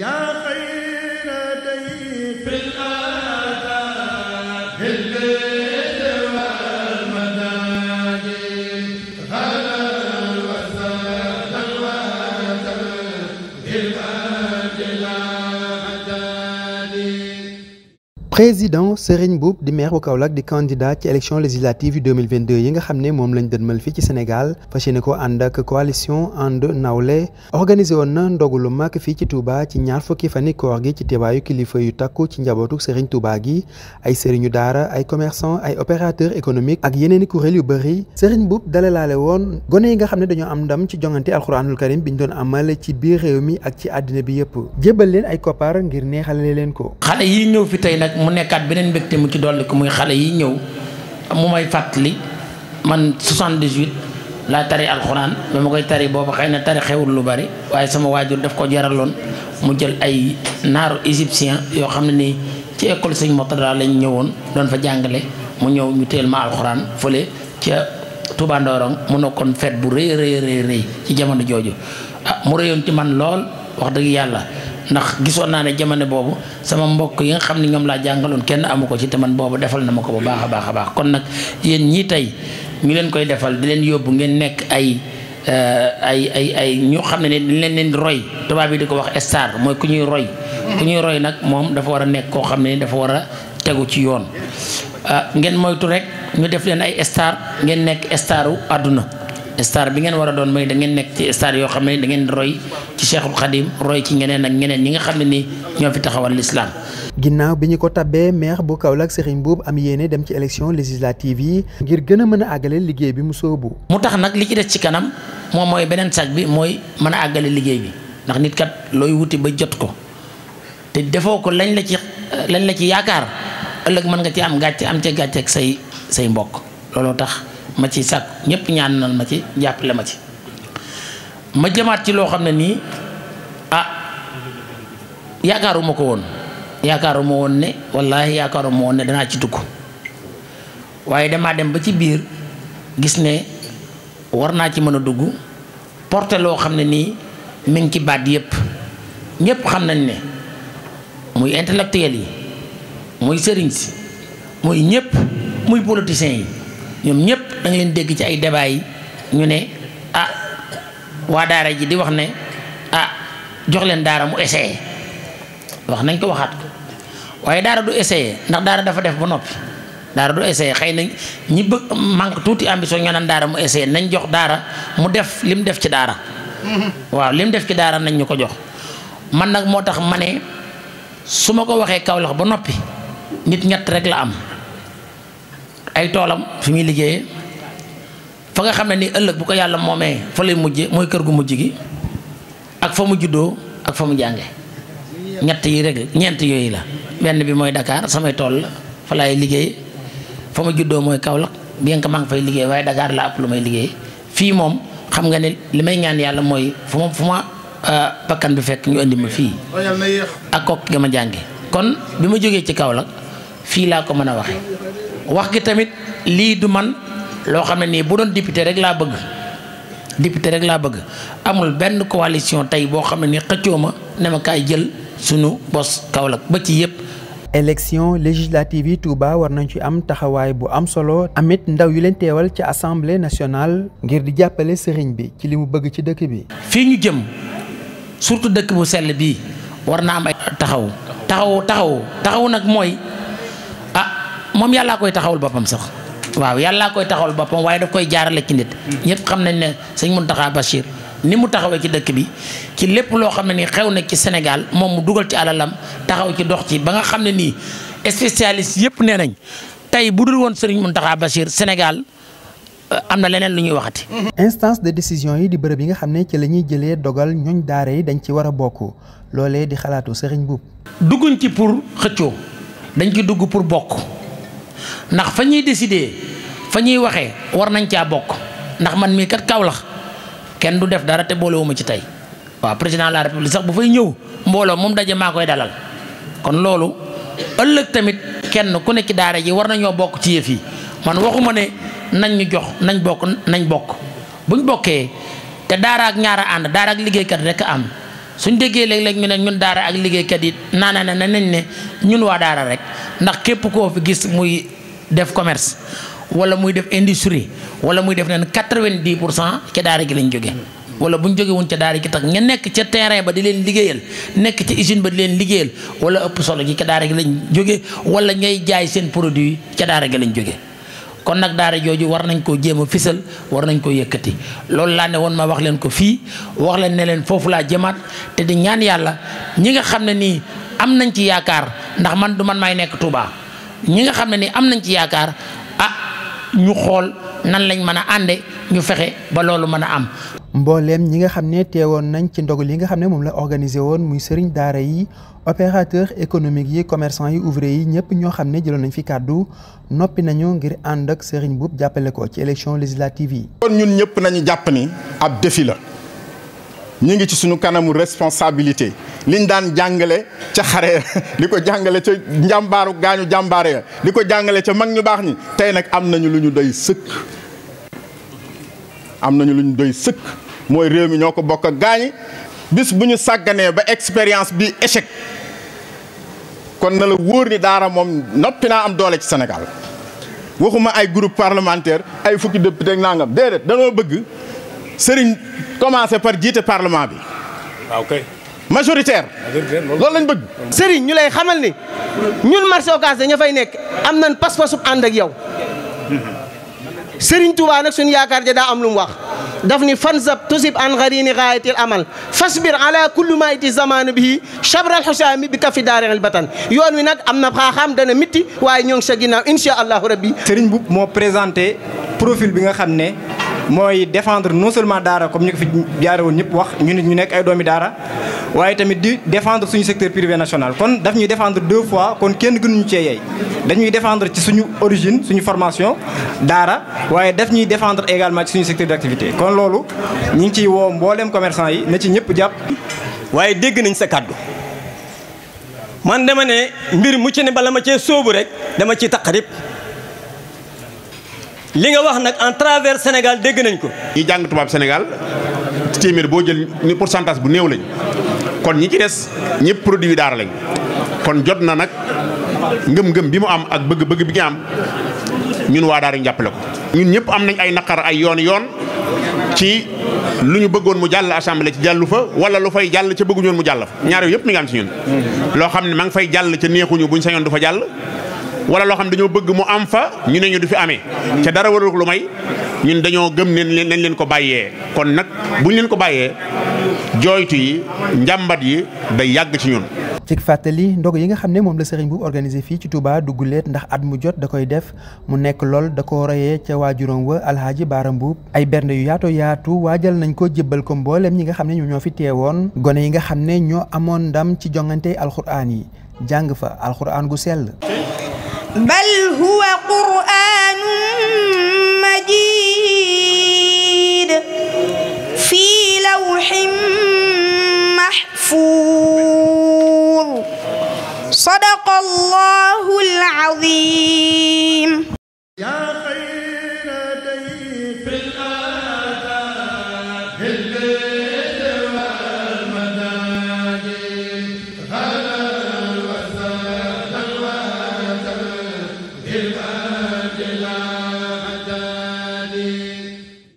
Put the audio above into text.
yaa président Serigne Mboup di maire bu Kaolack di candidat ci élection législative yu 2022 yi nga xam ne moom lañ dënmal fii ci Sénégal fas yéene ko ànd ak coalition ànd nawle organisé woon na ndogu lu mag fii ci Touba ci ñaar fukki fani koor gi ci teewaayu kilifa yu takku ci njabootu Serigne Touba gi ay sëriñu daara ay commerçant ay opérateur économique ak yeneeni kuréel yu bëri Serigne Mboup laale woon gone yi nga xam ne dañoo am ndam ci jongante alxuraanul karim bi ñu doon amal ci biir réew mi ak ci àddina bi yëpp jébbal ay koppar ngir neexale ko mu nekkaat beneen mbégte mu ci dolli ko muy xale yi ñëw mu may fàttali man 78 laa tari alxuraan ba ma koy tari boobu xëy na tari xewul lu bari waaye sama waajur daf ko jaraloon mu jël ay naaru égyptien yoo xam ne ni ci école sëñ Murtada lañ ñëwoon doon fa jàngale mu ñëw ñu teel ma alxuraan fële ca Touba mu nekkoon fête bu rëy rëy rëy ci jamono jooju ah mu rëyoon ci man lool wax dëgg yàlla. ndax gisoon naa ne jamono boobu sama mbokk yi nga xam ne ñoom laa jàngaloon kenn amu ko ci te boobu defal na ma ko bu baax a baax a baax kon nag yéen ñii tey ñu leen koy defal di leen yóbbu ngeen nekk ay euh, ay ay ay ñu xam ne ne dañ leen leen roy tubaab yi di ko wax star mooy ku ñuy roy ku ñuy roy nag moom dafa war a nekk koo xam ne dafa war a tegu ci yoon euh, ngeen moytu rek ñu def leen ay star ngeen nekk staru àdduna star bi ngeen war a doon mooy da nekk ci star yoo xam ne da ngeen roy ci Cheikhul Khadim roy ci ñeneen ak ñeneen ñi nga xam ne nii ñoo fi taxawal lislaam ginnaaw bi ñu ko tabbee maire bu kaw Kaolack Serigne Mboup am yéene dem ci élection législative yi ngir gën a mën a àggale liggéey bi mu sóobu. mu tax nag li ci des ci kanam moom mooy beneen sag bi mooy mën a liggéey bi ndax nit kat looy wuti ba jot ko te defoo ko lañ la ci lañ la ci yaakaar ëllëg mën nga ci am gàcce am ca gàcce ak say say mbokk looloo tax. ma ci sàkk ñëpp ñaanal ma ci jàppale ma ci ma jëmaat ci loo xam ne nii ah yaakaaruma ko woon yaakaaruma woon ne wallaahi yaakaaruma woon ne danaa ci dugg waaye damaa dem ba ci biir gis ne war naa ci mën a dugg porte loo xam ne nii mi ngi ci baat yëpp ñëpp xam nañ ne muy intellectuel yi muy sëriñ si muy ñëpp muy politiciens yi ñoom ñëpp da leen dégg ci ay débat ñu ne a ah, waa daara ji di wax ne ah jox leen daara mu essayé wax nañ ko waxaat ko waaye daara du essayé ndax daara dafa def ba noppi daara du essayé xëy na ñi bëgg manque tuuti ambition ñoo naan daara mu essayé nañ jox daara mu def li mu def ci daara waaw li def ci daara nañ ñu ko jox man nag moo tax ma ne su ma ko waxee Kaolack ba noppi nit ñett rek la am ay toolam fi muy liggéeyee fa nga xam ne ni ëllëg bu ko yàlla moomee fa lay mujje mooy kër gu mujj gi ak fa mu juddoo ak fa mu jànge ñett yi rek ñeent yooyu la benn bi mooy dakaar samay tool la fa laay liggéey fa ma juddoo mooy Kaolack bien que maa ngi fay liggéey waaye Dakar laa ëpp lu may liggéey fii moom xam nga ne li may ñaan yàlla mooy fu ma fu ma euh, bakkan bi fekk ñu indi ma fii ak kook ga ma jànge kon bi ma jógee ci Kaolack fii laa ko mën a waxe wax gi tamit lii du man loo xam ne nii bu doon député rek laa bëgg député rek laa bëgg amul benn coalition tey boo xam ne nii xëccoo ma ne ma jël sunu bos Kaolack ba ci yëpp. élection législative yi tuuba war nañ ci am taxawaay bu am solo amit ndaw yu leen teewal ci assemblée nationale ngir di jàppale sëriñ bi ci li mu bëgg ci dëkk bi. fii ñu jëm surtout dëkk bu sell bii war na am ay taxaw taxaw taxaw taxaw nag mooy. moom yàllaa koy taxawul boppam sax waaw yàllaa koy taxawul boppam waaye daf koy jaarale ci nit ñëpp xam nañ ne sëñ Mountakha Bachir ni mu taxawee ci dëkk bi ci lépp loo xam ne nii xew na ci Sénégal moom mu dugal ci alalam taxaw ci dox ci ba nga xam ne nii spécialiste yëpp nee nañ tey bu dul woon sëriñ a Bachir Sénégal euh, am na leneen lu ñuy waxati. instance de décision yi di bërëb yi nga xam ne ci la ñuy jëlee dogal ñooñ daara yi dañ ci war a bokk loolee di xalaatu sëriñ buub dugguñ ci pour xëccoo dañ ci dugg pour bokk. ndax fa ñuy décider fa ñuy waxee war nañ caa bokk ndax man mii kat Kaolack kenn du def dara te boolewuma ci tey waaw président de la république sax bu fay ñëw mbooloo moom daje maa koy dalal kon loolu ëllëg tamit kenn ku ne ci daara ji war nañoo bokk ci yëf yi man waxuma ne nañ ñu jox nañ bokk nañ bokk buñ bokkee te daara ak ñaara ànd daara ak liggéeykat rek am suñ déggee léeg-léeg ñu ne ñun daara ak liggéeykat yi naana na nañ ne ñun waa daara rek ndax képp muy def commerce wala muy def industrie wala muy def neen quatre-vingt-dix pour cent ca daara gi lañ jóge wala bu ñu jóge woon ca daara gi tax nga nekk ca terrain ba di leen liggéeyal nekk ca usine ba di leen liggéeyal wala ëpp solo gi ca gi lañ jóge wala ngay jaay seen produit ca gi lañ jóge kon nag daara jooju war nañ koo jéem a fisal war nañ koo yëkkati loolu laa ne woon ma wax leen ko fii wax leen ne leen foofu laa jëmaat te di ñaan yàlla ñi nga xam ne nii am nañ ci yaakaar ndax man du man maay nekk Touba ñi nga xam ne ni am nañ ci yaakaar ah ñu xool nan lañ mën a ànde ñu fexe ba loolu mën a am. mbooleem ñi nga xam ne teewoon nañ ci ndog li nga xam ne moom la organisé woon muy sëriñ daara yi opérateur économique yi commerçant yi ouvrier yi ñëpp ñoo xam ne jëloon nañ fi kàddu noppi nañu ngir ànd ak sëriñ buub jàppale ko ci élection législative yi. kon ñun ñëpp nañu jàpp ni ab défi la ñu ngi ci suñu kanamu responsabilité. liñ daan jàngale ca xare li ko jàngale ca njàmbaaru gaañu jàmbaare ya li ko jàngale ca mag ñu baax ñi tey nag am nañu lu ñu doy sëkk am nañu lu ñu doy sëkk mooy réew mi ñoo ko bokk ak gaañi bis bu ñu sàgganee ba expérience bi échec kon na la wóor ni daara moom noppi naa am doole ci Sénégal waxuma ay groupe parlementaire ay fukki dëpp député naa nangam déedéet danoo bëgg sëriñ commencé par jiite parlement bi waaw ah, majoritaire loolu lañ bëgg sëriñ ñu lay xamal ni ñun marché Ocass dañu fay nekk am nañ pas-pasu ànd ak yow sëriñ Touba nag suñu yaakaar ja daa am lu mu wax daf ni fansab tusib an garini gaayatil amal fas fasbir ala kulli ma iti zamanu bii chabral xusaami bi kafi daareel batan yoon wi nag am na xaaxaam dana mitti waaye ñoo ngi sa ginnaaw incha allahu rabbi sëriñ bu moo présenté profil bi nga xam ne mooy défendre non seulement daara comme ñu ko fi jaare woon ñëpp wax ñu nit ñu nekk ay doomi daara waaye tamit di défendre suñu secteur privé national kon daf ñuy défendre deux fois kon kenn gënuñu cee yey dañuy defendre ci suñu origine suñu formation daara waaye daf ñuy défendre également ci suñu secteur activité kon loolu ñu ngi ciy woo mbooleem commerçant yi na ci ñëpp jàpp waaye dégg nañ sa kàddu man dama ne mbir mu ci ne bala ma cee soobu rek dama ci taqarib li nga wax nag en travers Sénégal dégg nañ ko. ñi jàng tubaab Sénégal téeméer boo jël ni pourcentage bu néew lañ kon ñi ci des ñëpp produit daara lañ kon jot na nag ngëm-ngëm bi mu am ak bëgg-bëgg bi nga am ñun waa daara ñu jàppale ko. ñun ñëpp am nañ ay naqar ay yoon yoon ci lu ñu bëggoon mu jàll assemblée ci jàllu fa wala lu fay jàll ca bëgguñoon mu jàll fa ñaar yooyu yëpp mi nga am ñun. Mm-hmm. loo xam ne ma ngi fay jàll ca neexuñu ñu sañoon du fa wala loo xam dañoo bëgg mu am fa ñu ne ñu du fi amee ca dara warul lu may ñun dañoo gëm ne nañ leen ko bàyyee kon nag bu buñ leen ko bàyyee jooytu yi njàmbat yi day yàgg ci ñun. ci fàttali ndog yi nga xam ne moom la sëriñ bu organisé fii ci Touba dugguleet ndax at mu jot da koy def mu nekk lool da ko reyee ca waajuram wa alhaaji Baara Mbuub ay bernde yu yaato yaatu waa waajal nañ ko jébbal ko mbooleem ñi nga xam ne ñoo fi teewoon gone yi nga xam ne ñoo amoon ndam ci jongante alxuraan yi jàng fa alxuraan gu sell bal huwa qur'aanun majiid fii lawhin mahfuuz sadaqallaahul aziim yaa